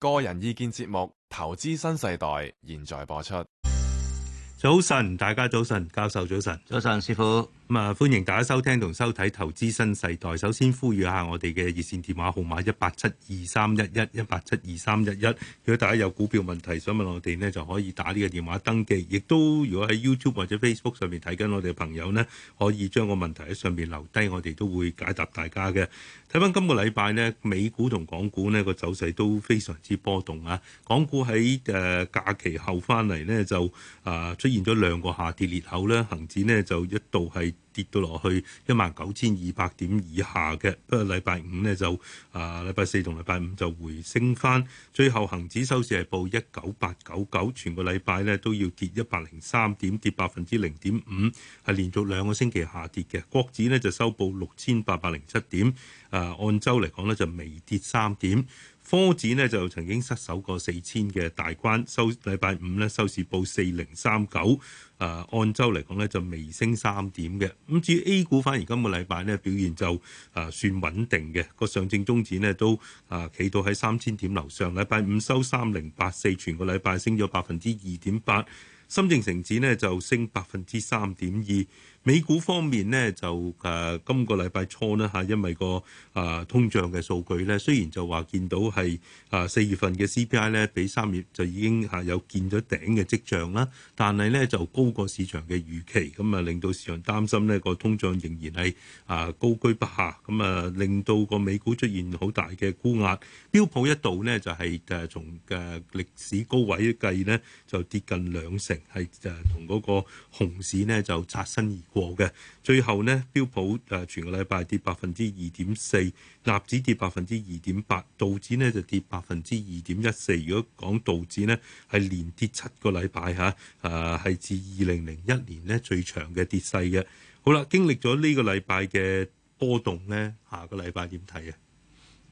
個人意見節目《投資新時代》現在播出。早晨，大家早晨，教授早晨，早晨，師傅。咁啊，歡迎大家收聽同收睇《投資新世代》。首先呼籲下我哋嘅熱線電話號碼一八七二三一一一八七二三一一。如果大家有股票問題想問我哋呢，就可以打呢個電話登記。亦都如果喺 YouTube 或者 Facebook 上面睇緊我哋嘅朋友呢，可以將個問題喺上面留低，我哋都會解答大家嘅。睇翻今個禮拜呢，美股同港股呢個走勢都非常之波動啊！港股喺誒假期後翻嚟呢，就啊出現咗兩個下跌裂口咧，恆指呢，就一度係。跌到落去一萬九千二百點以下嘅，不過禮拜五呢，就、呃、啊，禮拜四同禮拜五就回升返，最後恒指收市係報一九八九九，全個禮拜呢都要跌一百零三點，跌百分之零點五，係連續兩個星期下跌嘅。國指呢就收報六千八百零七點，啊按周嚟講呢，就微跌三點，科指呢就曾經失守過四千嘅大關，收禮拜五呢收市報四零三九。誒按周嚟講咧就微升三點嘅，咁至於 A 股反而今個禮拜咧表現就誒算穩定嘅，個上證綜指呢都誒企到喺三千點樓上，禮拜五收三零八四，全個禮拜升咗百分之二點八，深證成指呢就升百分之三點二，美股方面呢，就誒、啊、今個禮拜初咧嚇，因為個誒、啊、通脹嘅數據咧，雖然就話見到係誒四月份嘅 CPI 咧比三月就已經嚇有見咗頂嘅跡象啦，但係咧就高。個市場嘅預期，咁啊令到市場擔心呢個通脹仍然係啊高居不下，咁啊令到個美股出現好大嘅沽壓，標普一度呢就係誒從誒歷史高位一計呢，就跌近兩成，係誒同嗰個熊市呢就擦身而過嘅，最後呢，標普誒全個禮拜跌百分之二點四。納指跌百分之二點八，道指呢就跌百分之二點一四。如果講道指呢，係連跌七個禮拜吓，誒係自二零零一年呢最長嘅跌勢嘅。好啦，經歷咗呢個禮拜嘅波動呢，下個禮拜點睇啊？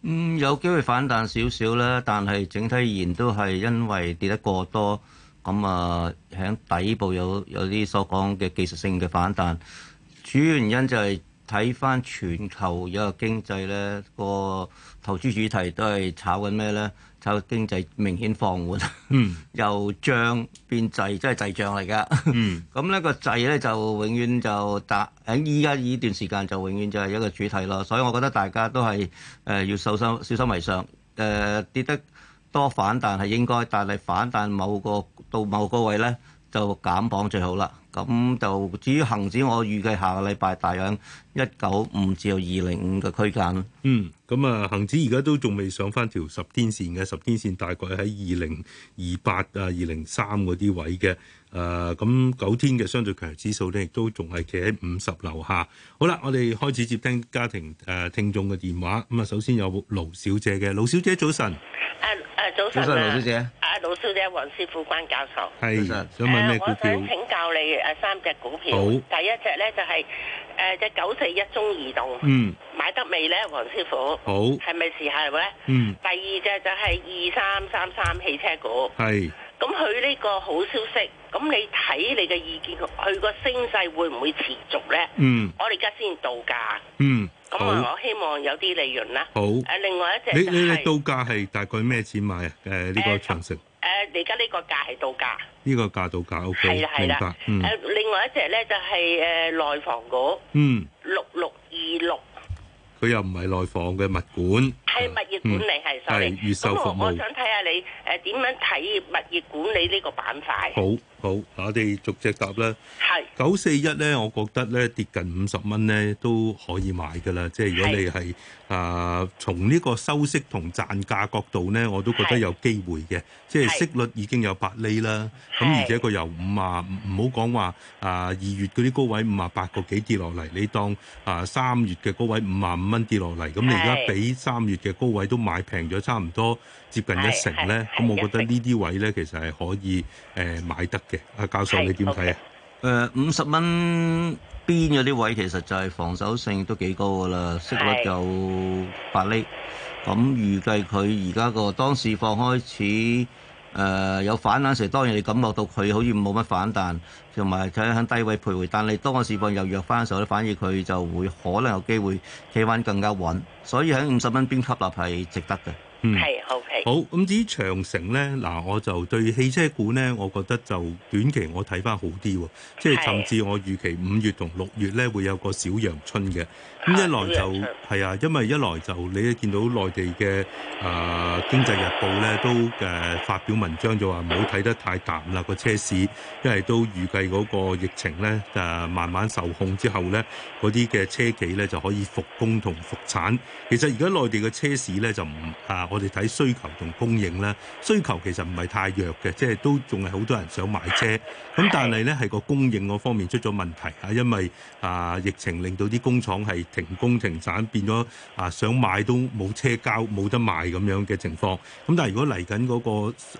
嗯，有機會反彈少少啦，但係整體而言都係因為跌得過多，咁啊響底部有有啲所講嘅技術性嘅反彈，主要原因就係、是。睇翻全球一個經濟咧，個投資主題都係炒緊咩咧？炒經濟明顯放緩，嗯、 由漲變滯，即係滯漲嚟噶。咁呢、嗯、 個滯咧就永遠就搭喺依家呢段時間就永遠就係一個主題咯。所以我覺得大家都係誒、呃、要小心小心為上。誒、呃、跌得多反彈係應該，但係反彈某個到某個位咧。就減磅最好啦，咁就至於恆指，我預計下個禮拜大約一九五至二零五嘅區間。嗯，咁、嗯、啊，恆指而家都仲未上翻條十天線嘅，十天線大概喺二零二八啊，二零三嗰啲位嘅。誒咁九天嘅相對強弱指數咧，亦都仲係企喺五十樓下。好啦，我哋開始接聽家庭誒聽眾嘅電話。咁啊，首先有盧小姐嘅，盧小姐早晨。誒誒，早晨啊！誒，盧小姐，黃師傅，關教授。係。想問咩股票？誒，我想請教你誒三隻股票。好。第一隻咧就係誒隻九四一中移動。嗯。買得未咧，黃師傅？好。係咪時候咧？嗯。第二隻就係二三三三汽車股。係。咁佢呢個好消息，咁你睇你嘅意見，佢個升勢會唔會持續咧？嗯，我哋而家先到價。嗯，咁啊，我希望有啲利潤啦。好。誒，另外一隻，你你你到價係大概咩錢買啊？誒，呢個長城。誒，而家呢個價係到價。呢個價到價，OK。係啦，係啦。明白。誒，另外一隻咧就係誒內房股。嗯。佢又唔係內房嘅物管。係是、啊、物業管理係所謂預收房。我想睇下你誒點、呃、樣睇物業管理呢個板塊？好，好，我哋逐隻答啦。係九四一咧，我覺得咧跌近五十蚊咧都可以買噶啦。即係如果你係。啊、呃，從呢個收息同賺價角度呢，我都覺得有機會嘅。是即係息率已經有八厘啦，咁是而且佢由五啊，唔好講話啊二月嗰啲高位五啊八個幾跌落嚟，你當啊三、呃、月嘅高位五啊五蚊跌落嚟，咁是你而家比三月嘅高位都買平咗差唔多接近一成呢。咁我覺得呢啲位呢，其實係可以誒、呃、買得嘅。阿、啊、教授你點睇啊？誒五十蚊。Okay. Uh, 邊嗰啲位其實就係防守性都幾高噶啦，息率有八釐，咁預計佢而家個當市況開始，誒、呃、有反彈時，當然你感覺到佢好似冇乜反彈，同埋佢喺低位徘徊。但你當個市況又弱翻嘅時候咧，反而佢就會可能有機會企穩更加穩，所以喺五十蚊邊吸納係值得嘅。嗯，係、okay。好，係好。咁至於長城呢，嗱，我就對汽車股呢，我覺得就短期我睇翻好啲，哦，是即係甚至我預期五月同六月呢，會有個小陽春嘅。咁、嗯、一來就係啊，因為一來就你見到內地嘅誒、呃《經濟日報》呢咧都誒、呃、發表文章就話唔好睇得太淡啦個車市，因為都預計嗰個疫情咧誒、啊、慢慢受控之後咧，嗰啲嘅車企咧就可以復工同復產。其實而家內地嘅車市咧就唔啊，我哋睇需求同供應啦。需求其實唔係太弱嘅，即係都仲係好多人想買車。咁但係咧係個供應嗰方面出咗問題啊，因為啊疫情令到啲工廠係，停工停產變咗啊，想買都冇車交，冇得賣咁樣嘅情況。咁但係如果嚟緊嗰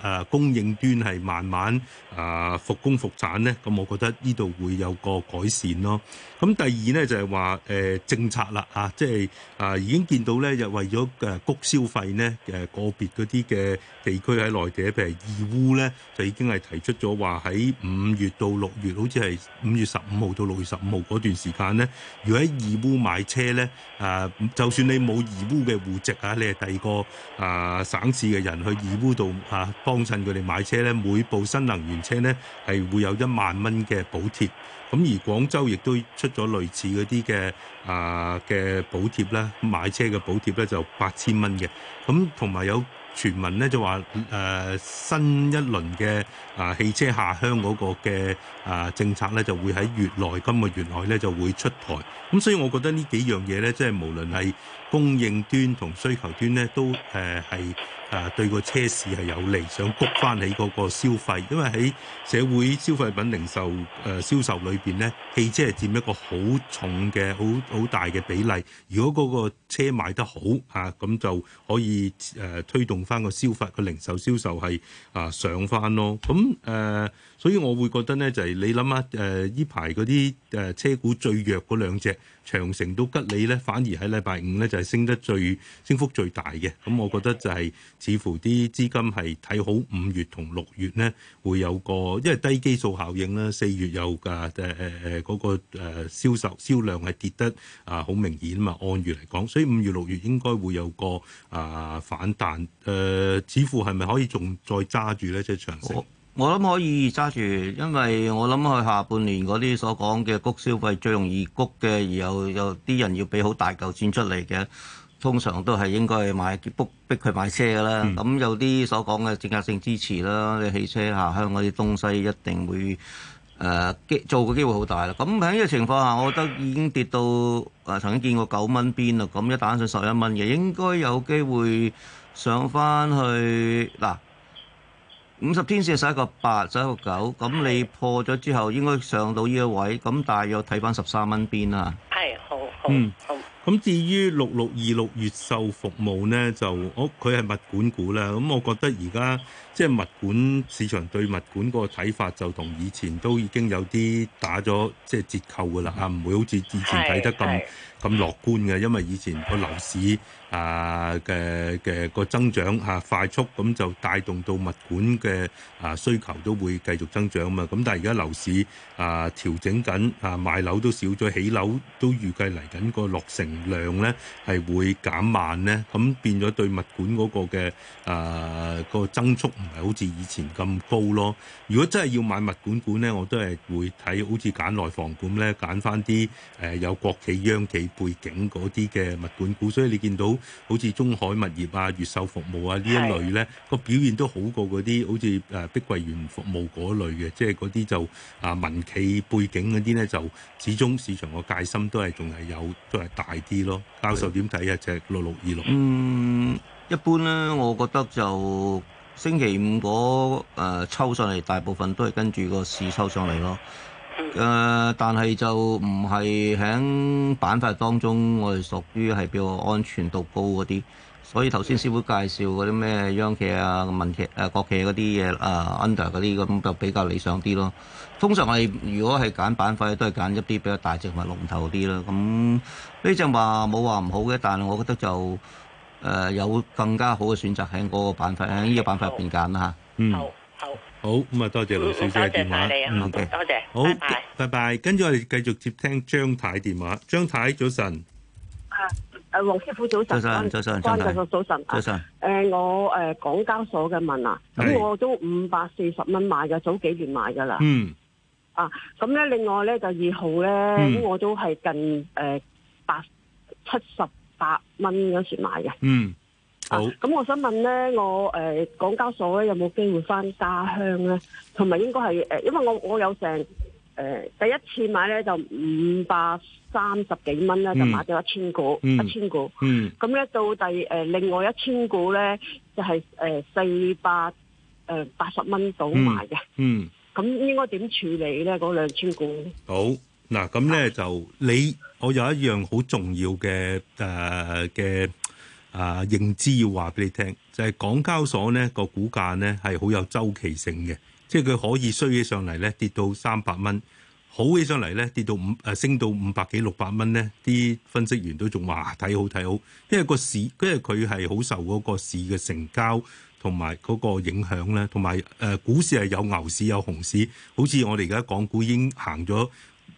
個誒供應端係慢慢啊復工復產咧，咁、嗯、我覺得呢度會有個改善咯。咁第二咧就係話誒政策啦吓、啊，即係啊已經見到咧，就為咗誒谷消費咧誒個別嗰啲嘅地區喺內地，譬如義烏咧，就已經係提出咗話，喺五月到六月，好似係五月十五號到六月十五號嗰段時間咧，如果喺義烏買買車咧，啊、呃，就算你冇義烏嘅戶籍啊，你係第二個啊、呃、省市嘅人去義烏度啊幫襯佢哋買車咧，每部新能源車咧係會有一萬蚊嘅補貼。咁而廣州亦都出咗類似嗰啲嘅啊嘅補貼啦，買車嘅補貼咧就八千蚊嘅。咁同埋有，有。傳聞咧就話誒、呃、新一輪嘅啊、呃、汽車下鄉嗰個嘅啊、呃、政策咧就會喺月內，今個月內咧就會出台。咁所以我覺得呢幾樣嘢咧，即係無論係供應端同需求端咧，都誒係。呃誒、啊、對個車市係有利，想谷翻起嗰個消費，因為喺社會消費品零售誒銷、呃、售裏邊咧，汽車係佔一個好重嘅好好大嘅比例。如果嗰個車賣得好嚇，咁、啊嗯、就可以誒、呃、推動翻個消費個零售銷售係啊上翻咯。咁、嗯、誒、呃，所以我會覺得咧，就係、是、你諗下誒呢排嗰啲誒車股最弱嗰兩隻，長城都吉利咧，反而喺禮拜五咧就係、是、升得最升幅最大嘅。咁、嗯、我覺得就係、是。似乎啲資金係睇好五月同六月咧，會有個，因為低基數效應啦。四月有嘅誒誒誒嗰個誒銷、呃、售銷量係跌得啊好明顯啊嘛，按月嚟講，所以五月六月應該會有個啊、呃、反彈。誒、呃，似乎係咪可以仲再揸住咧？即係長線，我諗可以揸住，因為我諗佢下半年嗰啲所講嘅谷消費最容易谷嘅，而有有啲人要俾好大嚿錢出嚟嘅。通常都係應該係買逼逼佢買車嘅啦。咁有啲所講嘅政策性支持啦，汽車下鄉嗰啲東西一定會誒做嘅機會好大啦。咁喺呢個情況下，我覺得已經跌到誒曾經見過九蚊邊啦。咁一打上十一蚊嘅，應該有機會上翻去嗱五十天線，十一個八，十一個九。咁你破咗之後，應該上到呢個位。咁大約睇翻十三蚊邊啦。係，好好，好。咁至於六六二六越秀服務呢，就哦，佢係物管股啦。咁我覺得而家即係物管市場對物管嗰個睇法就同以前都已經有啲打咗即係折扣㗎啦。嚇，唔會好似以前睇得咁咁樂觀嘅，因為以前個樓市。啊嘅嘅個增長嚇、啊、快速咁就帶動到物管嘅啊需求都會繼續增長嘛，咁但係而家樓市啊調整緊嚇、啊、賣樓都少咗，起樓都預計嚟緊個落成量咧係會減慢咧，咁變咗對物管嗰個嘅啊個增速唔係好似以前咁高咯。如果真係要買物管股咧，我都係會睇好似揀內房股咧，揀翻啲誒有國企央企背景嗰啲嘅物管股，所以你見到。好似中海物業啊、越秀服務啊呢一類咧個是表現都好過嗰啲好似誒碧桂園服務嗰類嘅，即係嗰啲就,是、就啊民企背景嗰啲咧就始終市場個戒心都係仲係有都係大啲咯。教授點睇啊？隻六六二六嗯，一般咧，我覺得就星期五嗰誒、呃、抽上嚟，大部分都係跟住個市抽上嚟咯。誒、呃，但係就唔係喺板塊當中，我哋屬於係比較安全度高嗰啲。所以頭先師傅介紹嗰啲咩央企啊、民企啊、呃、國企嗰啲嘢啊，under 嗰啲咁就比較理想啲咯。通常我哋如果係揀板塊，都係揀一啲比較大隻同埋龍頭啲啦。咁、嗯、呢隻話冇話唔好嘅，但係我覺得就誒、呃、有更加好嘅選擇喺嗰個板塊喺呢個板塊入邊揀啦吓嗯。好咁啊，多謝盧小姐嘅電話，嗯，多謝，好，拜拜。跟住我哋繼續接聽張太電話，張太早晨，啊，誒，黃師傅早晨，早晨，早晨，早晨，關教授早晨，早晨，誒，我誒、呃、港交所嘅問啊，咁我都五百四十蚊買嘅，早幾月買噶啦，嗯，啊，咁咧，另外咧就二號咧，咁、嗯、我都係近誒八七十八蚊嗰時買嘅，嗯。好，咁我想問咧，我誒港交所咧有冇機會翻家鄉咧？同埋應該係誒，因為我我有成誒第一次買咧就五百三十幾蚊咧，就買咗一千股，一千股。嗯，咁咧到第誒另外一千股咧就係誒四百誒八十蚊到賣嘅。嗯，咁應該點處理咧？嗰兩千股？好，嗱，咁咧就你我有一樣好重要嘅誒嘅。啊，認知要話俾你聽，就係、是、港交所呢個股價呢係好有周期性嘅，即係佢可以衰起上嚟呢跌到三百蚊，好起上嚟呢跌到五誒、啊、升到五百幾六百蚊呢。啲分析員都仲話睇好睇好，因為個市，因為佢係好受嗰個市嘅成交同埋嗰個影響呢，同埋誒股市係有牛市有熊市，好似我哋而家港股已經行咗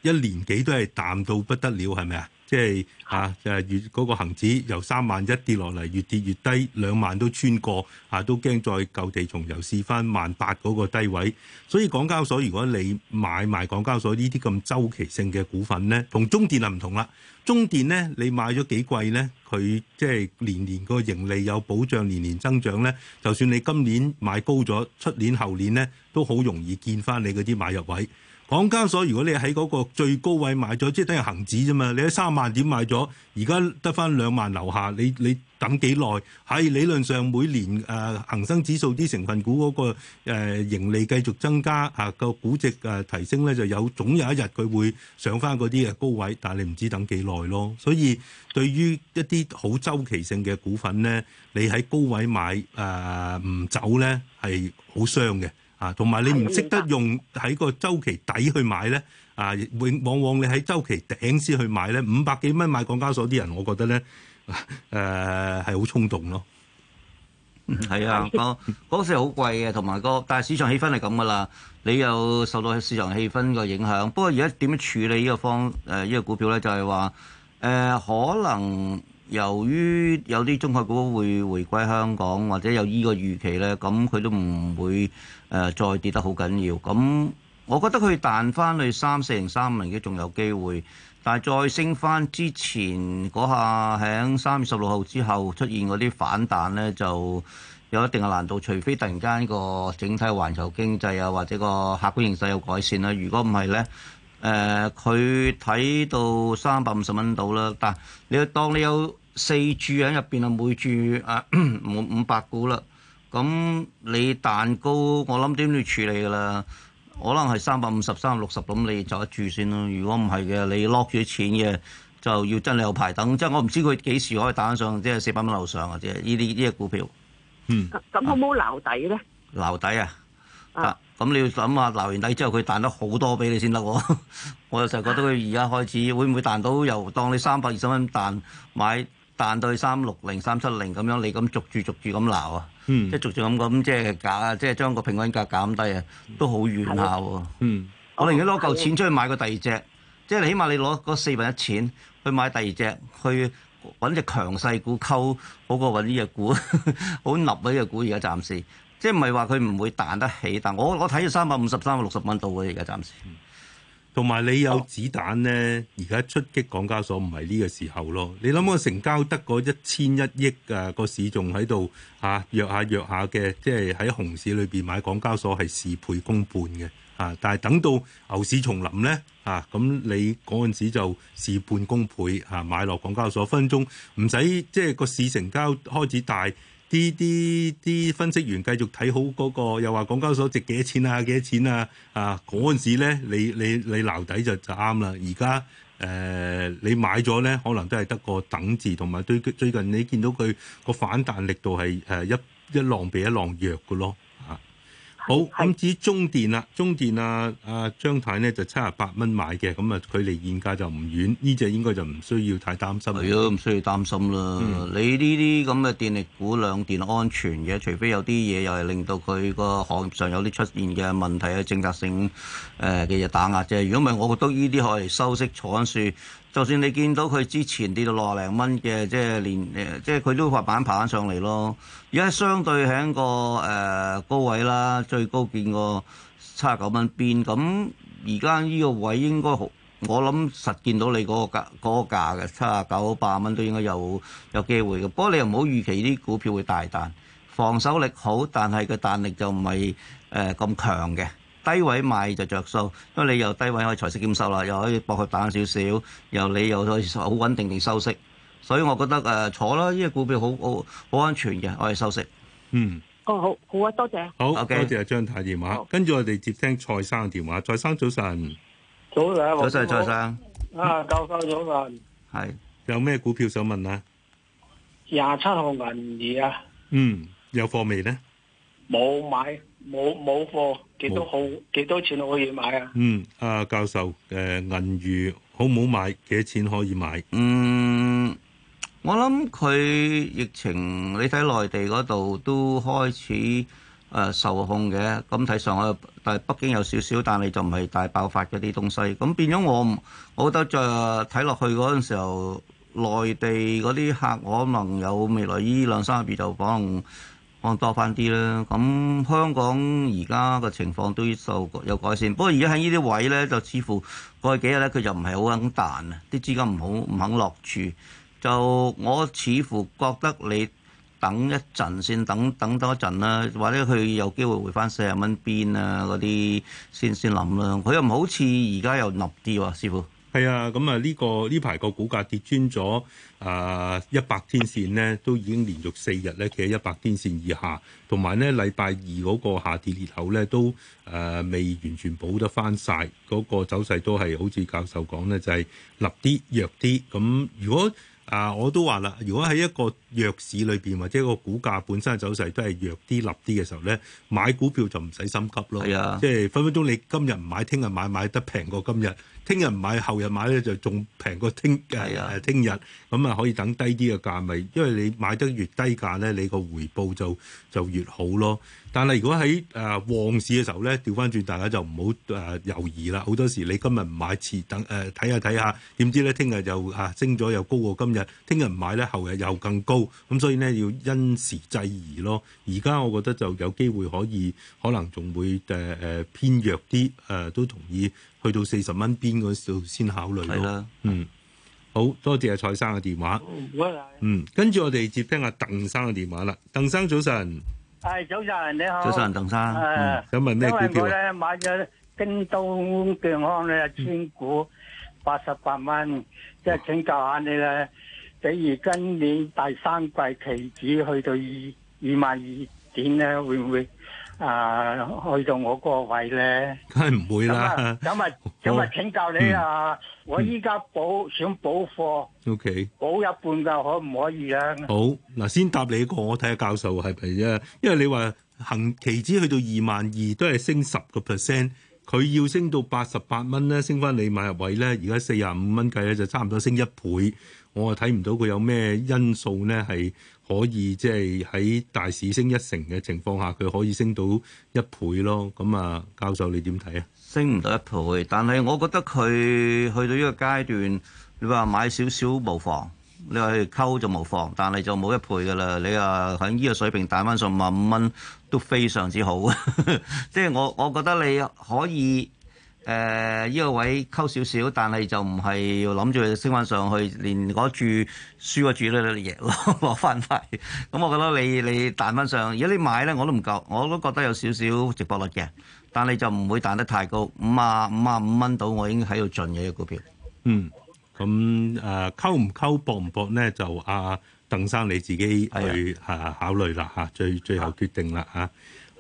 一年幾都係淡到不得了，係咪啊？即係嚇，就係嗰個恆指由三萬一跌落嚟，越跌越低，兩萬都穿過，嚇、啊、都驚再舊地重遊，試翻萬八嗰個低位。所以港交所，如果你買賣港交所呢啲咁周期性嘅股份呢，同中電啊唔同啦。中電呢，你買咗幾貴呢，佢即係年年個盈利有保障，年年增長呢。就算你今年買高咗，出年後年呢，都好容易見翻你嗰啲買入位。港交所，如果你喺嗰個最高位買咗，即係等於恒指啫嘛。你喺三萬點買咗，而家得翻兩萬樓下，你你等幾耐？喺理論上，每年誒恆生指數啲成分股嗰個誒盈利繼續增加，嚇個估值誒提升咧，就有總有一日佢會上翻嗰啲嘅高位，但係你唔知等幾耐咯。所以對於一啲好周期性嘅股份咧，你喺高位買誒唔走咧，係好傷嘅。啊，同埋你唔識得用喺個週期底去買咧，啊，永往往你喺週期頂先去買咧，五百幾蚊買港交所啲人，我覺得咧，誒係好衝動咯。係 啊，嗰時好貴嘅，同埋、嗰個但係市場氣氛係咁噶啦。你又受到市場氣氛嘅影響，不過而家點樣處理呢個方誒呢、呃呢個股票咧？就係話誒，可能由於有啲中概股會回歸香港，或者有依個預期咧，咁佢都唔會。誒、呃、再跌得好緊要，咁我覺得佢彈翻去三四零三零幾仲有機會，但係再升翻之前嗰下喺三月十六號之後出現嗰啲反彈咧，就有一定嘅難度，除非突然間個整體環球經濟啊，或者個客觀形勢有改善啦、啊。如果唔係咧，誒佢睇到三百五十蚊到啦，但係你當你有四注喺入邊啊，每注誒五五百股啦。咁你蛋糕，我諗點要處理噶啦？可能係三百五十三六十，咁你就一注先咯。如果唔係嘅，你 lock 住錢嘅就要真係有排等。即係我唔知佢幾時可以彈上，即係四百蚊樓上或者呢啲呢個股票。嗯。咁好唔好留底咧？留、啊、底啊！啊。咁、啊、你要諗下留完底之後佢彈得好多俾你先得喎。 我係就覺得佢而家開始會唔會彈到又當你三百二十蚊彈買？彈到去三六零、三七零咁樣，你咁逐住逐住咁鬧啊！嗯、即係逐住咁咁，即係啊，即係將個平均價減低啊，都好軟下喎。嗯，我寧願攞夠錢出去買個第二隻，嗯、即係起碼你攞嗰四分一錢去買第二隻，去揾隻強勢股，溝好過揾呢隻股，好立呢嘅股。而家暫時，即係唔係話佢唔會彈得起，但我我睇到三百五十三啊六十蚊到嘅而家暫時。同埋你有子彈呢，而家出擊港交所唔係呢個時候咯。你諗下成交得嗰一千一億啊，個、就是、市仲喺度嚇，弱下弱下嘅，即係喺熊市裏邊買港交所係事倍功半嘅啊。但係等到牛市重臨呢，啊，咁你嗰陣時就事半功倍啊，買落港交所分分鐘唔使，即、就、係、是、個市成交開始大。啲啲啲分析員繼續睇好嗰個，又話港交所值幾多錢啊，幾多錢啊啊！嗰陣時咧，你你你留底就就啱啦。而家誒，你買咗咧，可能都係得個等字，同埋最最近你見到佢個反彈力度係誒一一浪比一浪弱嘅咯。好，咁至於中電啦，中電啊，啊張太呢就七十八蚊買嘅，咁啊距離現價就唔遠，呢隻應該就唔需要太擔心啦。如果唔需要擔心啦，嗯、你呢啲咁嘅電力股兩電安全嘅，除非有啲嘢又係令到佢個行業上有啲出現嘅問題啊，政策性誒嘅嘢打壓啫。如果唔係，我覺得呢啲可以收息坐喺樹。就算你見到佢之前跌到六十零蚊嘅，即係連誒，即係佢都塊板爬翻上嚟咯。而家相對喺個誒、呃、高位啦，最高見過七十九蚊邊。咁而家呢個位應該好，我諗實見到你嗰個價嗰個價嘅七十九八蚊都應該有有機會嘅。不過你又唔好預期啲股票會大彈，防守力好，但係個彈力就唔係誒咁強嘅。低位買就着數，因為你又低位可以財色兼收啦，又可以搏佢打少少，又你又可以好穩定地收息。所以我覺得誒坐啦，呢隻股票好好好安全嘅，我哋收息。嗯。哦，好好啊，多謝。好，多謝好 okay. 多謝阿張太電話。跟住我哋接聽蔡生嘅電話。蔡生早晨。早晨。早晨，蔡生。啊，教授早晨。係、嗯。有咩股票想問啊？廿七號銀娛啊、嗯。嗯。有貨未咧？冇、嗯嗯、買。冇冇貨，幾多好？幾沒多錢可以買啊？嗯，阿、啊、教授，誒、呃、銀娛好唔好買？幾多錢可以買？嗯，我諗佢疫情，你睇內地嗰度都開始誒、呃、受控嘅。咁睇上海，但係北京有少少，但係就唔係大爆發嗰啲東西。咁變咗我，我覺得就睇落去嗰陣時候，內地嗰啲客可能有未來依、e、兩三個月就可能。望多翻啲啦，咁香港而家嘅情況都要受有改善，不過而家喺呢啲位咧就似乎過去幾日咧，佢就唔係好肯彈啊，啲資金唔好唔肯落住。就我似乎覺得你等一陣先，等等多一陣啦，或者佢有機會回翻四十蚊邊啊嗰啲先先諗啦，佢又唔好似而家又立啲喎，師傅。係啊，咁啊呢個呢排個股價跌穿咗啊一百天線咧，都已經連續四日咧企喺一百天線以下，同埋咧禮拜二嗰個下跌裂口咧都誒未完全補得翻晒。嗰個走勢都係好似教授講咧，就係立啲弱啲。咁如果啊我都話啦，如果喺一個弱市裏邊或者個股價本身嘅走勢都係弱啲立啲嘅時候咧，買股票就唔使心急咯。係啊，即係分分鐘你今日唔買，聽日買買得平過今日。聽日唔買，後日買咧就仲平過聽誒誒聽日，咁啊可以等低啲嘅價咪，因為你買得越低價咧，你個回報就就越好咯。但係如果喺誒旺市嘅時候咧，調翻轉，大家就唔好誒猶豫啦。好多時你今日唔買，遲等誒睇下睇下，點、呃、知咧聽日又啊升咗，又高過今日。聽日唔買咧，後日又更高。咁所以咧要因時制宜咯。而家我覺得就有機會可以，可能仲會誒誒、呃、偏弱啲。誒、呃、都同意。去到四十蚊邊嗰時先考慮咯。的嗯，好多謝阿蔡生嘅電話。嗯，跟住我哋接聽阿鄧生嘅電話啦。鄧生早晨。係早晨，你好。早晨，鄧生。嗯、想問咩計股票咧？買咗京東健康嘅千股八十八蚊，即係請教下你咧。比如今年第三季期指去到二二萬二點咧，會唔會？啊，去到我個位咧，梗係唔會啦。咁啊，咁啊，請教你啊，啊嗯、我依家補、嗯、想補貨，O K，、嗯、補一半噶可唔可以啊？好，嗱，先答你一個，我睇下教授係咪啫？因為你話行期指去到二萬二都係升十個 percent，佢要升到八十八蚊咧，升翻你買入位咧，而家四十五蚊計咧，就差唔多升一倍，我啊睇唔到佢有咩因素咧係，可以即係喺大市升一成嘅情況下，佢可以升到一倍咯。咁、嗯、啊，教授你點睇啊？升唔到一倍，但係我覺得佢去到呢個階段，你話買少少無妨，你話去溝就無妨，但係就冇一倍㗎喇。你啊，喺呢個水平大翻上萬五蚊都非常之好， 即係我我覺得你可以。誒呢、呃這個位溝少少，但係就唔係要諗住升翻上去，連嗰注輸嗰注啲嘢攞翻翻。咁我覺得你你彈翻上，如果你買咧，我都唔夠，我都覺得有少少值博率嘅。但係就唔會彈得太高，五啊五啊五蚊到，我已經喺度進嘅一個股票。嗯，咁誒溝唔溝搏唔搏咧，就阿、啊、鄧生你自己去誒考慮啦嚇，最的、啊、最後決定啦嚇。啊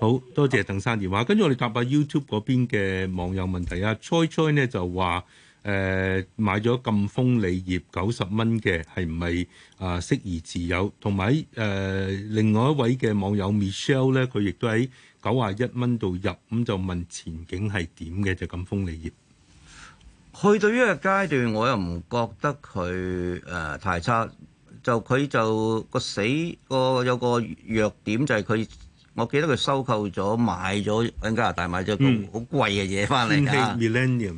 好多謝鄧生電話，跟住我哋答下 YouTube 嗰邊嘅網友問題。啊，Choi Choi 呢就話：誒買咗咁豐利業九十蚊嘅，係唔係啊？Troy, Troy 呃是是呃、適宜持有，同埋誒另外一位嘅網友 Michelle 咧，佢亦都喺九十一蚊度入，咁就問前景係點嘅？就咁豐利業去到呢個階段，我又唔覺得佢誒太差，就佢就，就個死個有個弱點就係佢。我記得佢收購咗，買咗喺加拿大買咗個好貴嘅嘢翻嚟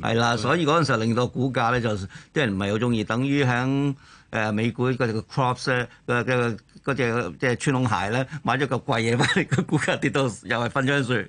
啊，啦、嗯，所以嗰陣時候令到股價咧，就啲人唔係好中意，等於喺誒美股嗰隻嘅 Crocs 咧、那個，嘅嘅隻即係穿窿鞋咧，買咗嚿貴嘢翻嚟，個股價跌到又係分章樹。咁咧、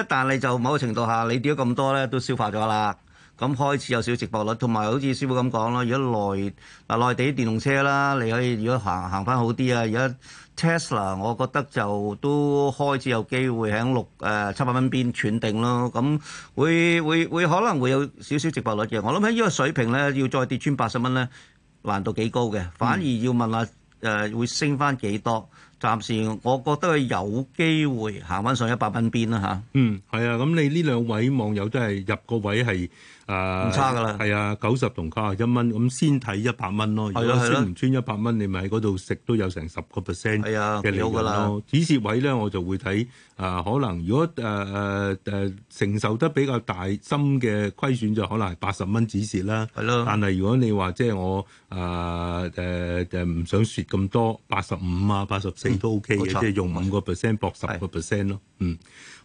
嗯，但係就某個程度下，你跌咗咁多咧，都消化咗啦。咁開始有少少值博率，同埋好似師傅咁講啦。如果內嗱內地電動車啦，你可以如果行行翻好啲啊，而家。Tesla，我覺得就都開始有機會喺六誒七百蚊邊斷定咯，咁會會會可能會有少少值博率嘅。我諗喺呢個水平咧，要再跌穿八十蚊咧，難度幾高嘅。反而要問下誒、呃、會升翻幾多？暫時我覺得有機會行翻上一百蚊邊啦吓，嗯，係啊，咁你呢兩位網友都係入個位係。唔差噶啦，係啊，九十同九十一蚊，咁先睇一百蚊咯。係咯，穿唔穿一百蚊，你咪喺嗰度食都有成十個 percent 啊，嘅利潤咯。止蝕位咧，我就會睇啊，可能如果誒誒誒承受得比較大心嘅虧損就可能係八十蚊止蝕啦。係咯。但係如果你話即係我啊誒誒唔想蝕咁多，八十五啊八十四都 OK 嘅，即係錯用五個 percent 博十個 percent 咯。嗯。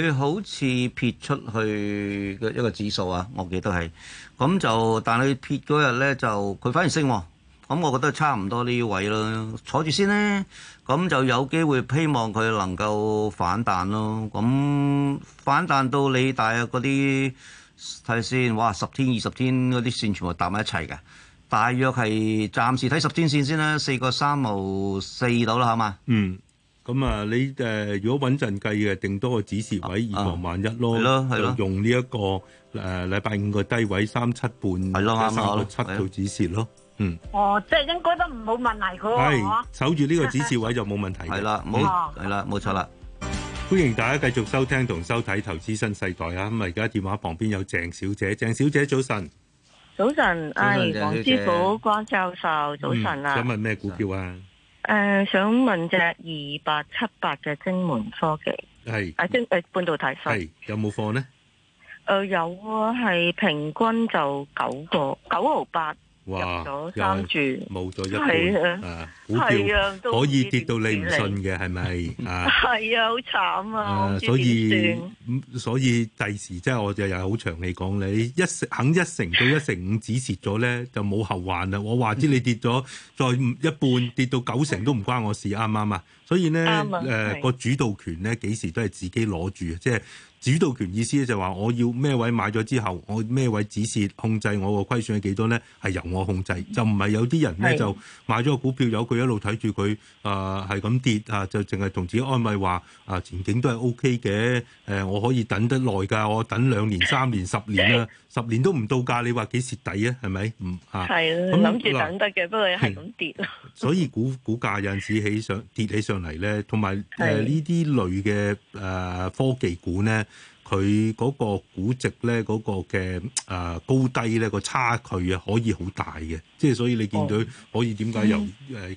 佢好似撇出去嘅一個指數啊，我記得係咁就，但佢撇嗰日咧就佢反而升喎，咁我覺得差唔多呢位咯，坐住先咧，咁就有機會希望佢能夠反彈咯。咁反彈到你大約嗰啲睇下先，哇！十天二十天嗰啲線全部搭埋一齊嘅，大約係暫時睇十天線先啦，四個三毛四度啦，係嘛？嗯。咁啊，你誒如果穩陣計嘅，定多個指示位以防萬一咯。用呢一個誒禮拜五個低位三七半，三三六七做指示咯。嗯。哦，即係應該都冇問題嘅喎，係嘛？守住呢個指示位就冇問題㗎啦。係啦，冇錯啦。歡迎大家繼續收聽同收睇《投資新世代》啊！咁啊，而家電話旁邊有鄭小姐，鄭小姐早晨。早晨，哎，黃師傅、關教授，早晨啊！想問咩股票啊？誒、呃，想問隻二八七八嘅晶門科技係是啊晶誒半導體係有冇貨咧？誒、呃、有啊，係平均就九個九毫八。入咗哇 三注，冇咗一半，係啊，股票、啊古啊、可以跌到你唔信嘅，係咪？係啊，好慘啊，啊！所以，所以第時即係我又又好長期講你一成，肯一成到一成五止蝕咗咧，就冇後患啦。我話知你跌咗再一半，跌到九成都唔關我事，啱唔啱啊？所以咧，誒，個主導權咧，幾時都係自己攞住，即係。主導權意思咧，就話我要咩位買咗之後，我咩位止蝕，控制我個虧損係幾多咧？係由我控制，就唔係有啲人咧就買咗個股票，由佢一路睇住佢啊，係、呃、咁跌啊，就淨係同自己安慰話啊、呃，前景都係 O K 嘅。誒，我可以等得耐㗎，我等兩年、三年、十年啊，十年都唔到價，你話幾蝕底是是啊？係咪的？唔嚇、嗯，係啦，咁諗住等得嘅，不過係咁跌，所以股股價有陣時起上跌起上嚟咧，同埋誒呢啲類嘅誒科技股咧。佢嗰個估值咧，嗰、那個嘅誒、呃、高低咧，個差距啊，可以好大嘅。即係所以你見到可以點解由誒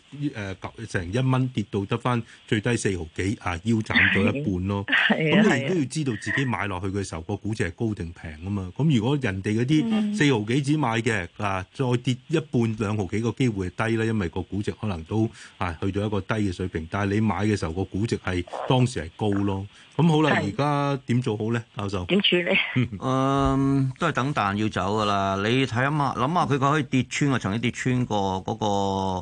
誒成一蚊跌到得翻最低四毫幾啊，腰斬咗一半咯。咁你亦都要知道自己買落去嘅時候個估值係高定平啊嘛。咁如果人哋嗰啲四毫幾紙買嘅嗱、啊，再跌一半兩毫幾個機會係低啦，因為個估值可能都係、啊、去到一個低嘅水平。但係你買嘅時候個估值係當時係高咯。咁好啦，而家點做好咧，教授？點處理？嗯， um, 都係等彈要走噶啦。你睇下嘛，諗下佢可可以跌穿啊，曾經跌穿過嗰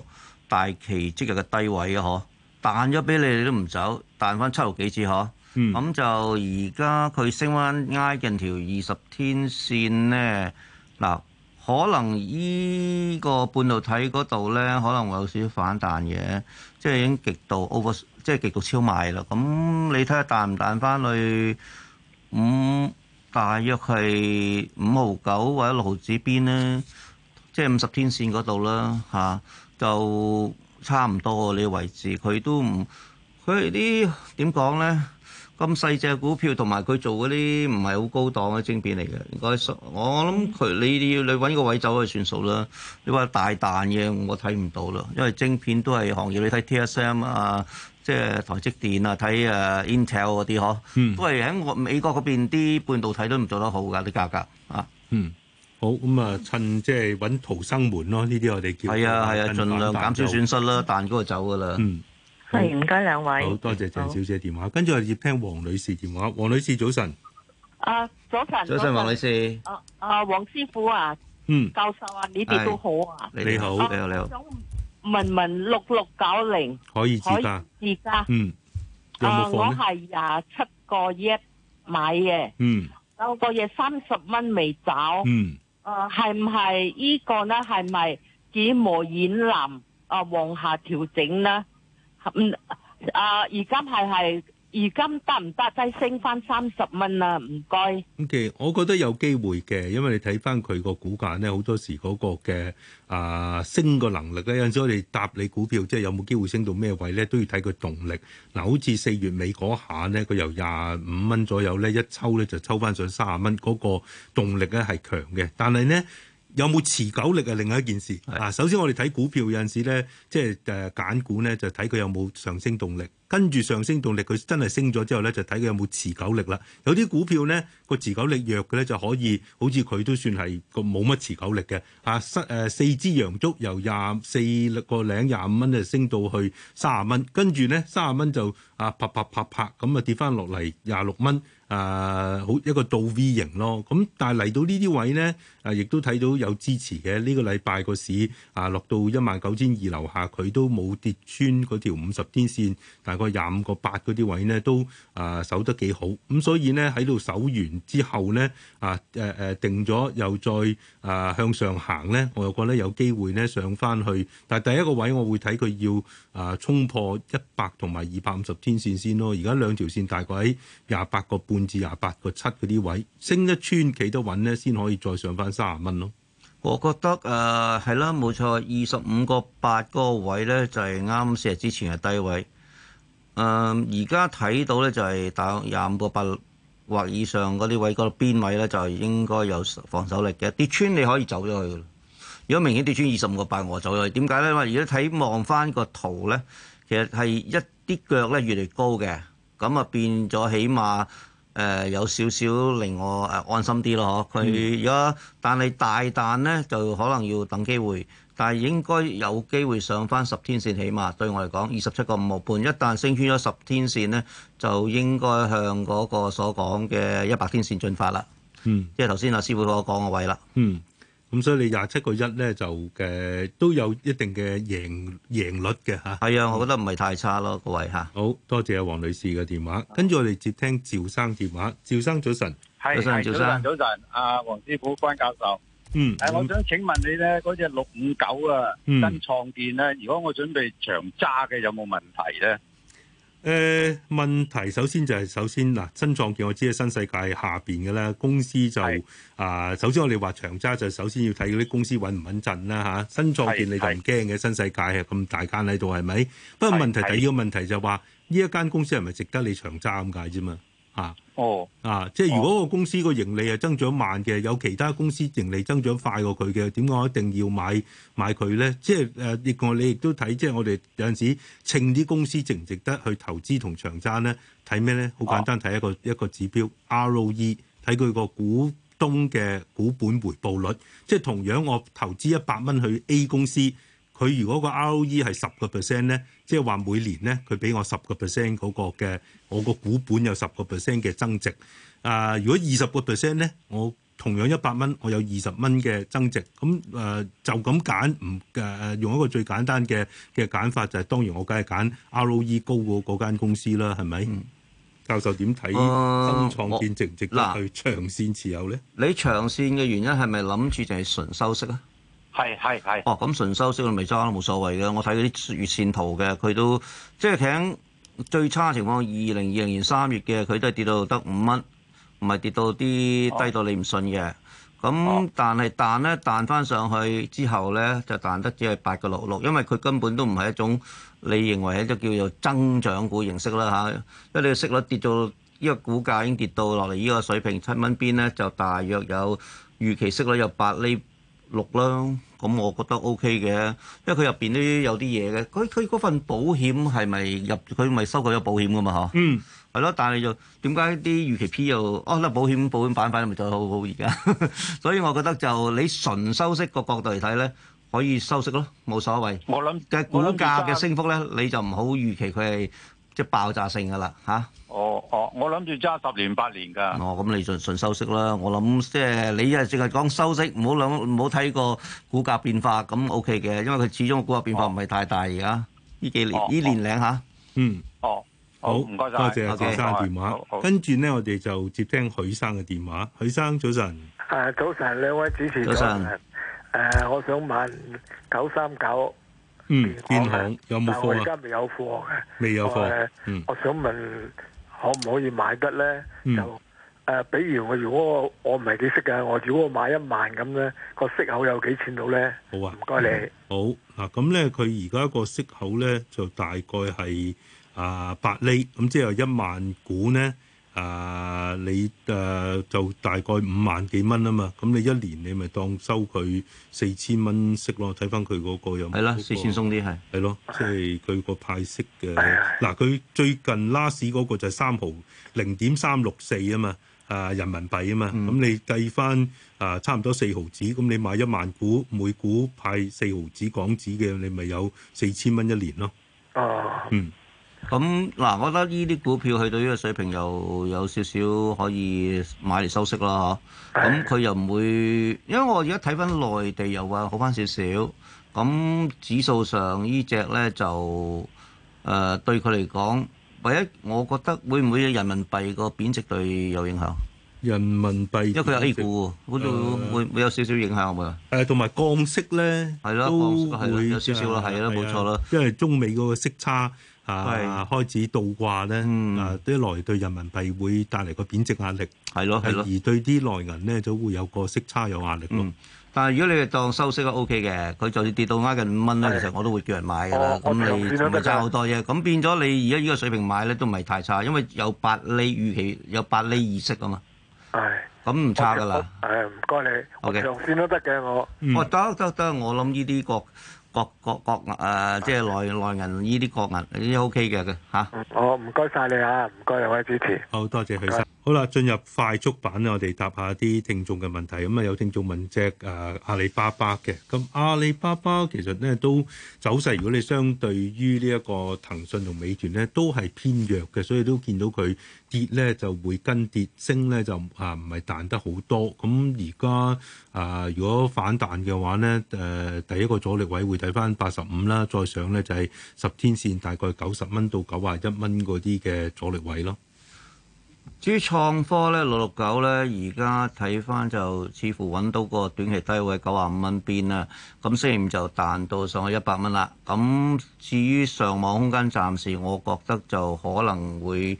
個大期即日嘅低位啊，嗬。彈咗俾你，你都唔走，彈翻七六幾次。嗬。咁、 嗯、就而家佢升翻挨近條二十天線咧，嗱，可能依個半導體嗰度咧，可能會有少少反彈嘅，即、就、係、是、已經極度 over。即係極度超賣啦，咁你睇下彈唔彈返去五，大約係五毫九或者六毫紙邊咧，即係五十天線嗰度啦，吓、啊，就差唔多你嘅位置。佢都唔，佢係啲點講咧咁細隻股票，同埋佢做嗰啲唔係好高檔嘅晶片嚟嘅。我諗佢，你你要你揾個位走就算數啦。你話大彈嘅，我睇唔到啦，因為晶片都係行業。你睇 TSM 啊。即係台積電啊，睇誒 Intel 嗰啲嗬，都係喺美國嗰邊啲半導體都唔做得好噶啲價格啊。嗯，好咁啊，趁即係揾逃生門咯，呢啲我哋叫。係啊係啊，盡量減少損失啦，但嗰個走噶啦。嗯，係唔該兩位。好多謝鄭小姐電話，跟住我接聽黃女士電話。黃女士早晨。啊，早晨。早晨，黃女士。啊，黃師傅啊。嗯。教授啊，呢啲都好啊。你好，你好，你好。文文六六九零，可以可以，而家，嗯，有有呃、我係廿七個億買嘅，嗯，九、呃、個嘢三十蚊未找，嗯，啊係唔係依個咧？係咪指磨染林？啊、呃？往下調整咧？嗯、呃，啊而家係係。而今得唔得？即升翻三十蚊啦，唔該。O.K. 我覺得有機會嘅，因為你睇翻佢個股價咧，好多時嗰個嘅啊、呃、升個能力咧，有時我哋答你股票即係有冇機會升到咩位咧，都要睇佢動力。嗱，好似四月尾嗰下咧，佢由廿五蚊左右咧，一抽咧就抽翻上三十蚊，嗰、嗰個動力咧係強嘅，但係咧。有冇持久力係另外一件事啊！首先我哋睇股票有陣時咧，即係誒揀股咧，就睇佢有冇上升動力。跟住上升動力，佢真係升咗之後咧，就睇佢有冇持久力啦。有啲股票咧，個持久力弱嘅咧，就可以好似佢都算係個冇乜持久力嘅啊！失誒四支羊竹由廿四個零廿五蚊就升到去卅蚊，跟住咧卅蚊就啊啪啪啪啪咁啊跌翻落嚟廿六蚊。啊，好一個倒 V 型咯，咁但係嚟到呢啲位咧，啊，亦都睇到有支持嘅。呢、呢個禮拜個市啊，落到一萬九千二樓下，佢都冇跌穿嗰條五十天線，大概廿五個八嗰啲位咧，都啊守得幾好。咁、嗯、所以咧喺度守完之後咧，啊誒誒、啊啊、定咗又再誒、啊、向上行咧，我又覺得有機會咧上翻去。但係第一個位，我會睇佢要啊衝破一百同埋二百五十天線先咯。而家兩條線大概喺廿八個半至廿八個七啲位，升一穿幾多穩咧，先可以再上翻卅蚊咯。我覺得誒係啦，冇、呃、錯，二十五個八個位咧就係、是、啱四日之前嘅低位。誒而家睇到咧就係大概廿五個八或以上嗰啲位，嗰邊位咧就是、應該有防守力嘅。跌穿，你可以走咗去。如果明顯跌穿二十五個八，我走咗去。點解咧？因為而家睇望翻個圖咧，其實係一啲腳咧越嚟越高嘅，咁啊變咗起碼。誒、呃、有少少令我誒安心啲咯，佢而家但係大彈呢，就可能要等機會，但係應該有機會上翻十天線，起碼對我嚟講，二十七個五毫半，一旦升穿咗十天線呢，就應該向嗰個所講嘅一百天線進發啦。嗯，即係頭先阿師傅所講個位啦。嗯。咁所以你廿七個一咧就誒都有一定嘅贏贏率嘅嚇，係啊，我覺得唔係太差咯，各位嚇。好多謝阿黃女士嘅電話。跟住我哋接聽趙生電話。趙生早晨，趙生早晨，早晨。阿黃師傅，關教授，嗯，誒，我想請問你咧，嗰隻六五九啊，新創建咧，如果我準備長揸嘅，有冇問題咧？誒、呃、問題首先就係、是、首先嗱，新創建我知喺新世界下邊嘅啦。公司就啊是、呃、首先我哋話長揸就是、首先要睇嗰啲公司穩唔穩陣啦嚇，新創建你就唔驚嘅，新世界係咁大間喺度係咪？不過問題是第二個問題就話、是、呢是一間公司係咪值得你長揸咁解啫嘛？啊，哦，啊，即係如果個公司個盈利係增長慢嘅，有其他公司盈利增長快過佢嘅，點解一定要買買佢咧？即係誒，亦、呃、個你亦都睇，即係我哋有陣時稱啲公司值唔值得去投資同長揸咧？睇咩咧？好簡單，睇一個、啊、一個指標 ROE，睇佢個股東嘅股本回報率。即係同樣我投資一百蚊去 A 公司。佢如果個 ROE 係十個 percent 咧，即係話每年咧，佢、那、俾、個、我十個 percent 嗰個嘅我個股本有十個 percent 嘅增值。啊、呃，如果二十個 percent 咧，我同樣一百蚊，我有二十蚊嘅增值。咁誒、呃、就咁揀，唔、呃、誒用一個最簡單嘅嘅揀法就係、是，當然我梗係揀 ROE 高過嗰間公司啦，係咪、嗯？教授點睇新創建值唔值去長線持有咧、嗯呃呃？你長線嘅原因係咪諗住就係純收息啊？係係係。哦，咁純收息到咪渣都冇所謂嘅。我睇嗰啲月線圖嘅，佢都即係睇最差情況，二零二零年三月嘅，佢都係跌到得五蚊，唔係跌到啲低到你唔信嘅。咁、哦、但係彈咧彈翻上去之後咧，就彈得只係八個六六，因為佢根本都唔係一種你認為嘅，即係叫做增長股形式啦嚇。因為息率跌到呢個股價已經跌到落嚟呢個水平七蚊邊咧，就大約有預期息率有八厘。六啦，咁我覺得 O K 嘅，因為佢入邊都有啲嘢嘅，佢佢份保險係咪入佢咪收咗保險噶嘛嚇？嗯，係咯，但係就點解啲預期 P 又，我、哦、覺保險保險板塊咪仲係好好而家？ 所以我覺得就你純收息個角度嚟睇咧，可以收息咯，冇所謂。我諗想嘅股價嘅升幅咧，你就唔好預期佢係。即係爆炸性噶啦，吓！哦哦，我諗住揸十年八年噶哦，咁你就純收息啦。我諗即係你一係，淨係講收息，唔好諗，唔好睇個股價變化，咁 OK 嘅。因為佢始終股價變化唔係太大，而家呢幾年呢年零吓。嗯。哦。好，唔該晒。多謝阿何生電話。跟住咧，我哋就接聽許生嘅電話。許生早晨。誒，早晨，兩位主持早晨。誒，我想問九三九。嗯，邊行有冇貨？我而家未有貨嘅，未有貨。嗯、我想問可唔可以買得咧？就、嗯，誒，比如我如果我唔係幾識嘅，我如果我買一萬咁咧，個息口有幾錢到咧？好啊，唔該你。好嗱，咁、啊、咧，佢而家個息口咧就大概係啊八厘，咁、嗯、即係有一萬股咧。啊，uh, 你誒、uh, 就大概五萬幾蚊啊嘛，咁你一年你咪當收佢四千蚊息咯，睇翻佢嗰個有,有、嗰個。係啦，四千鬆啲係。係咯，即係佢個派息嘅。嗱、哎呀，佢、啊、最近 last 嗰個就係三毫零點三六四啊嘛，啊人民幣啊嘛，咁、嗯、你計翻啊差唔多四毫子，咁你買一萬股，每股派四毫子港紙嘅，你咪有四千蚊一年咯。哦、啊。嗯。咁嗱，我覺得呢啲股票去到呢個水平，又有少少可以買嚟收息啦，嚇。咁佢又唔會，因為我而家睇翻內地又話好翻少少。咁指數上呢隻咧就誒對佢嚟講，唯一我覺得會唔會人民幣個貶值對有影響？人民幣因為佢有 A 股，會會會有少少影響係咪啊？誒，同埋降息咧，係咯，降息係有少少啦，係啦，冇錯啦，因為中美嗰個息差。啊，開始倒掛咧，啊啲來對人民幣會帶嚟個貶值壓力，係咯，係咯，而對啲內銀咧，就會有個息差有壓力。嗯，但係如果你係當收息都 OK 嘅，佢就算跌到挨近五蚊咧，其實我都會叫人買㗎啦。咁你咪係差好多嘢，咁變咗你而家呢個水平買咧都唔係太差，因為有八厘預期，有八厘利息啊嘛。係，咁唔差㗎啦。誒，唔該你，長線都得嘅我。我得得得，我諗呢啲個。國國國誒、呃，即係內內銀呢啲國銀呢啲 O K 嘅吓。好唔該晒你啊，唔該兩位主持。好多謝許生。好啦，進入快速版啦，我哋答下啲聽眾嘅問題。咁啊，有聽眾問隻啊阿里巴巴嘅，咁阿里巴巴其實咧都走勢，如果你相對於呢一個騰訊同美團咧，都係偏弱嘅，所以都見到佢跌咧就會跟跌，升咧就啊唔係彈得好多。咁而家啊，如果反彈嘅話咧，誒第一個阻力位會睇返八十五啦，再上咧就係十天線，大概九十蚊到九啊一蚊嗰啲嘅阻力位咯。至於創科咧，六六九咧，而家睇返就似乎揾到個短期低位九十五蚊邊啦。咁星期五就彈到上去一百蚊啦。咁至於上網空間，暫時我覺得就可能會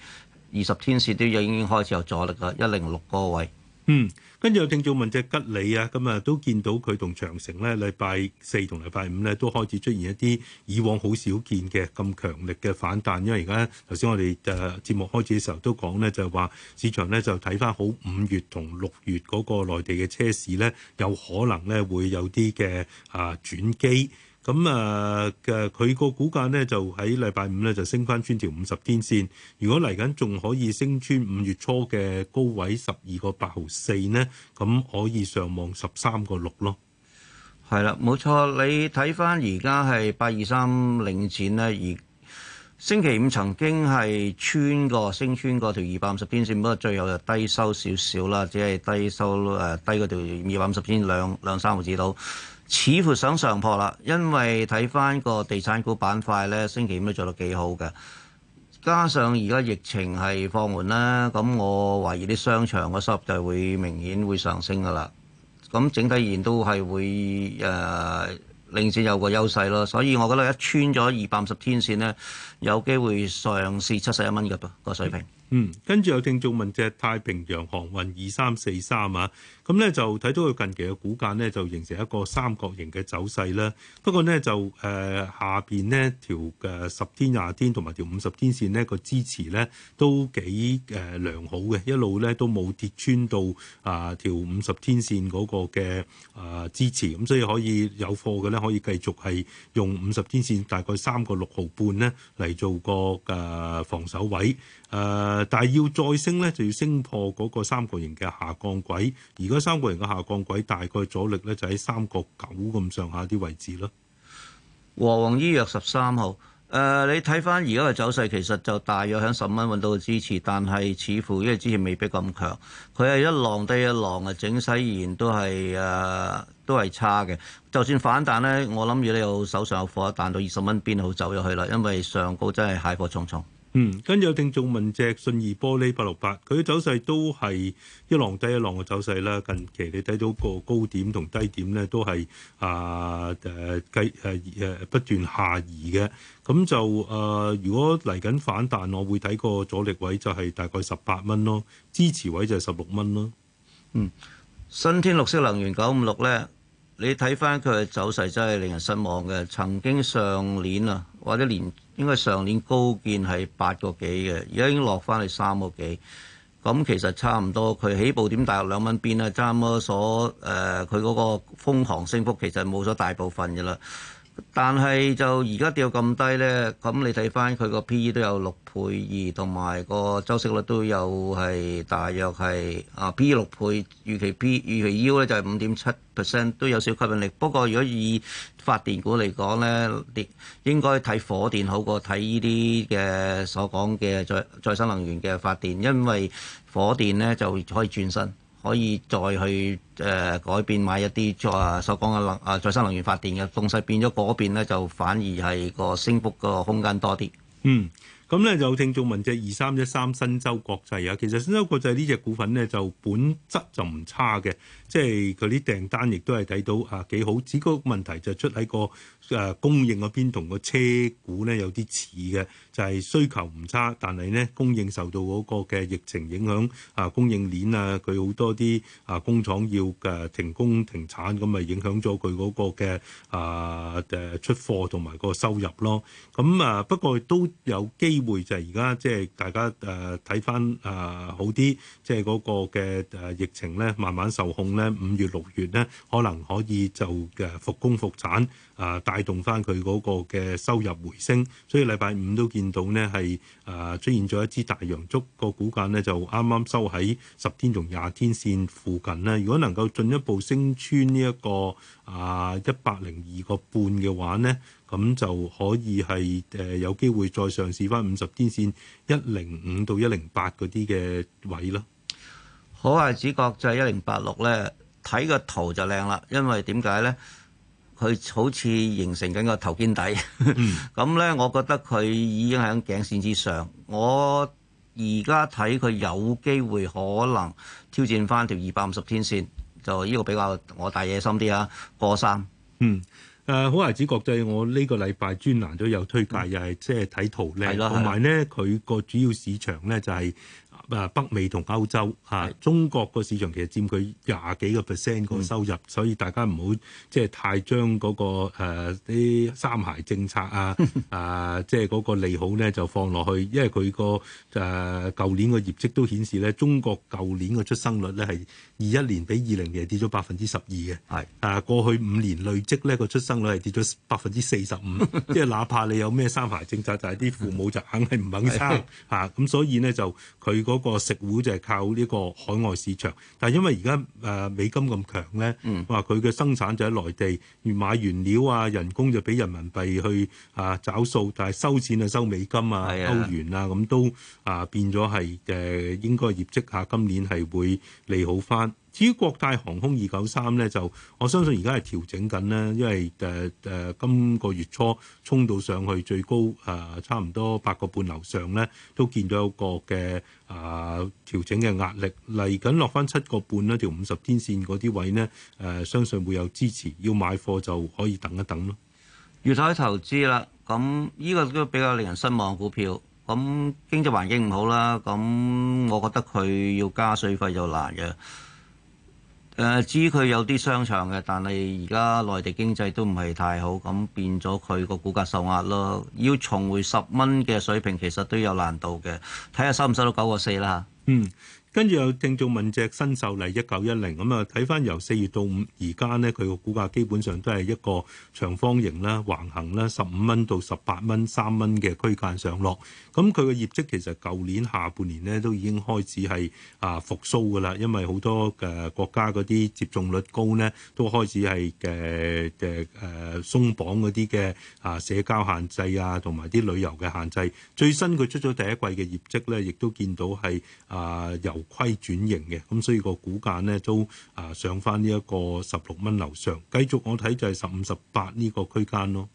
二十天線都已經開始有阻力啦，一零六個位。嗯。跟住有聽眾問隻吉利啊，咁啊都見到佢同長城咧，禮拜四同禮拜五咧都開始出現一啲以往好少見嘅咁強力嘅反彈，因為而家頭先我哋嘅節目開始嘅時候都講咧，就係話市場咧就睇翻好五月同六月嗰個內地嘅車市咧，有可能咧會有啲嘅啊轉機。咁啊嘅，佢個、嗯、股價呢就喺禮拜五呢，就升翻穿條五十天線。如果嚟緊仲可以升穿五月初嘅高位十二個八毫四呢，咁可以上望十三個六咯。係啦，冇錯。你睇翻而家係八二三領展呢，而星期五曾經係穿過升穿嗰條二百五十天線，不過最後就低收少少啦，只係低收誒低嗰條二百五十天兩兩三個字度。似乎想上破啦，因為睇翻個地產股板塊咧，星期五都做得幾好嘅。加上而家疫情係放緩啦，咁我懷疑啲商場個收入就會明顯會上升噶啦。咁整體而言都係會誒領、呃、先有個優勢咯，所以我覺得一穿咗二百五十天線咧，有機會上市七十一蚊嘅噃個水平。嗯嗯，跟住有聽眾問隻太平洋航運二三四三啊，咁咧就睇到佢近期嘅股價咧就形成一個三角形嘅走勢啦。不過呢，就誒、呃、下邊呢條嘅十天廿天同埋條五十天線呢個支持呢，都幾誒良好嘅，一路呢都冇跌穿到啊條五十天線嗰個嘅啊支持，咁所以可以有貨嘅咧可以繼續係用五十天線大概三個六毫半呢嚟做個誒、呃、防守位誒。呃誒，但係要再升咧，就要升破嗰個三角形嘅下降軌。而家三角形嘅下降軌大概阻力咧就喺三角九咁上下啲位置咯。和黃醫藥十三號，誒、呃，你睇翻而家嘅走勢，其實就大約喺十蚊揾到嘅支持，但係似乎因為之前未必咁強，佢係一浪低一浪啊，整勢依然都係誒、呃，都係差嘅。就算反彈咧，我諗如你有手上有貨，彈到二十蚊邊好走咗去啦，因為上高真係蟹貨重重。嗯，跟住有聽眾問隻信義玻璃八六八，佢嘅走勢都係一浪低一浪嘅走勢啦。近期你睇到個高點同低點咧，都係啊誒計誒誒不斷下移嘅。咁就誒，如果嚟緊反彈，我會睇個阻力位就係大概十八蚊咯，支持位就係十六蚊咯。嗯，新天綠色能源九五六咧，你睇返佢嘅走勢真係令人失望嘅。曾經上年啊。或者年應該上年高見係八個幾嘅，而家已經落翻去三個幾，咁其實差唔多，佢起步點大約兩蚊邊啦，差唔多所誒，佢、呃、嗰個瘋狂升幅其實冇咗大部分嘅啦。但係就而家掉咁低咧，咁你睇翻佢個 P/E 都有六倍二，同埋個周息率都有係大約係啊 P/E 六倍預期 P/E 預期 Yield 咧就係五點七 percent 都有少吸引力。不過如果以發電股嚟講咧，應應該睇火電好過睇依啲嘅所講嘅再再生能源嘅發電，因為火電咧就可以轉身。可以再去誒、呃、改變買一啲再所講嘅能誒、啊、再生能源發電嘅東西，變咗嗰邊咧就反而係個升幅個空間多啲、嗯。嗯，咁、嗯、咧、嗯、就聽眾問隻二三一三申洲國際啊，其實申洲國際呢隻股份咧就本質就唔差嘅，即係佢啲訂單亦都係睇到啊幾好，只個問題就出喺、那個誒、啊、供應嗰邊同個車股咧有啲似嘅。就係需求唔差，但係咧供應受到嗰個嘅疫情影響啊，供應鏈啊，佢好多啲啊工廠要誒停工停產，咁咪影響咗佢嗰個嘅啊誒出貨同埋個收入咯。咁啊不過都有機會就係而家即係大家誒睇返啊好啲，即係嗰個嘅誒疫情咧慢慢受控咧，五月六月咧可能可以就誒復工復產。啊，帶動翻佢嗰個嘅收入回升，所以禮拜五都見到呢係啊出現咗一支大陽燭，個股價呢就啱啱收喺十天同廿天線附近啦。如果能夠進一步升穿呢、這、一個啊一百零二個半嘅話呢咁就可以係誒、啊、有機會再嘗試翻五十天線一零五到一零八嗰啲嘅位啦。好啊，主角就係一零八六呢睇個圖就靚啦，因為點解呢？佢好似形成緊個頭肩底、 嗯，咁咧我覺得佢已經喺頸線之上。我而家睇佢有機會可能挑戰翻條二百五十天線，就呢個比較我大野心啲啊，過三。嗯，誒、呃，好孩子國際，我呢個禮拜專欄都有推介，又係即係睇圖咧，同埋咧佢個主要市場咧就係、是。誒北美同歐洲嚇，中國個市場其實佔佢廿幾個 percent 個收入，所以大家唔好即係太將嗰個誒啲三孩政策啊，誒即係嗰個利好咧就放落去，因為佢個誒舊年個業績都顯示咧，中國舊年個出生率咧係二一年比二零年跌咗百分之十二嘅。係誒過去五年累積咧個出生率係跌咗百分之四十五，即係哪怕你有咩三孩政策，就係啲父母就肯係唔肯生嚇，咁所以呢，就佢個。嗰個食戶就係靠呢個海外市場，但係因為而家誒美金咁強咧，話佢嘅生產就喺內地，買原料啊，人工就俾人民幣去啊找數，但係收錢啊收美金啊、的歐元啊，咁都啊變咗係誒應該業績下，今年係會利好返。至於國泰航空二九三咧，就我相信而家係調整緊啦。因為誒誒、呃呃、今個月初衝到上去最高誒、呃、差唔多八個半樓上咧，都見到有個嘅誒、呃、調整嘅壓力嚟緊落翻七個半咧，下下5，條五十天線嗰啲位呢，誒、呃，相信會有支持，要買貨就可以等一等咯。粵泰投資啦，咁呢個都比較令人失望股票。咁經濟環境唔好啦，咁我覺得佢要加稅費就難嘅。誒、呃，至於佢有啲商場嘅，但係而家內地經濟都唔係太好，咁變咗佢個股價受壓咯。要重回十蚊嘅水平，其實都有難度嘅。睇下收唔收到九個四啦。嗯。跟住又有聽眾問隻新秀麗一九一零咁啊，睇翻由四月到五而家呢，佢個股價基本上都係一個長方形啦、橫行啦，十五蚊到十八蚊三蚊嘅區間上落。咁佢嘅業績其實舊年下半年呢都已經開始係啊復甦噶啦，因為好多嘅國家嗰啲接種率高呢都開始係嘅嘅誒鬆綁嗰啲嘅啊社交限制啊，同埋啲旅遊嘅限制。最新佢出咗第一季嘅業績呢，亦都見到係啊由規轉型嘅，咁所以個股價呢都啊上翻呢一個十六蚊樓上，繼續我睇就係十五十八呢個區間咯。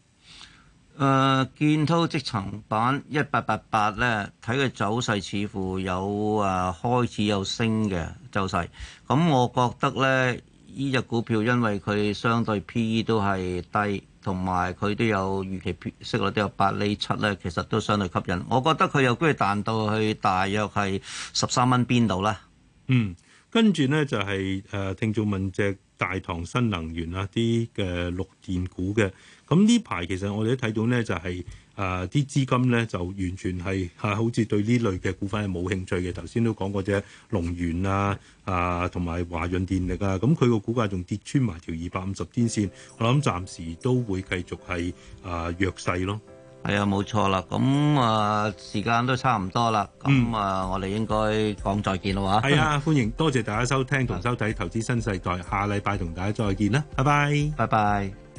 誒建滔積層板一八八八呢，睇佢走勢似乎有啊開始有升嘅走勢，咁我覺得呢呢隻、這個、股票因為佢相對 P E 都係低。同埋佢都有預期息率都有八厘七咧，其實都相對吸引。我覺得佢有機會彈到去大約係十三蚊邊度啦。嗯，跟住呢，就係、是、誒、呃，聽眾問隻大唐新能源啊啲嘅綠電股嘅，咁呢排其實我哋都睇到呢，就係、是。誒啲、啊、資金咧就完全係係、啊、好似對呢類嘅股份係冇興趣嘅。頭先都講過隻龍源啊啊同埋華潤電力啊，咁佢個股價仲跌穿埋條二百五十天線，我諗暫時都會繼續係誒、啊、弱勢咯。係啊，冇錯啦。咁啊時間都差唔多啦，咁、嗯、啊我哋應該講再見啦喎。係啊，歡迎多謝大家收聽同收睇《投資新世代》，下禮拜同大家再見啦，拜拜，拜拜。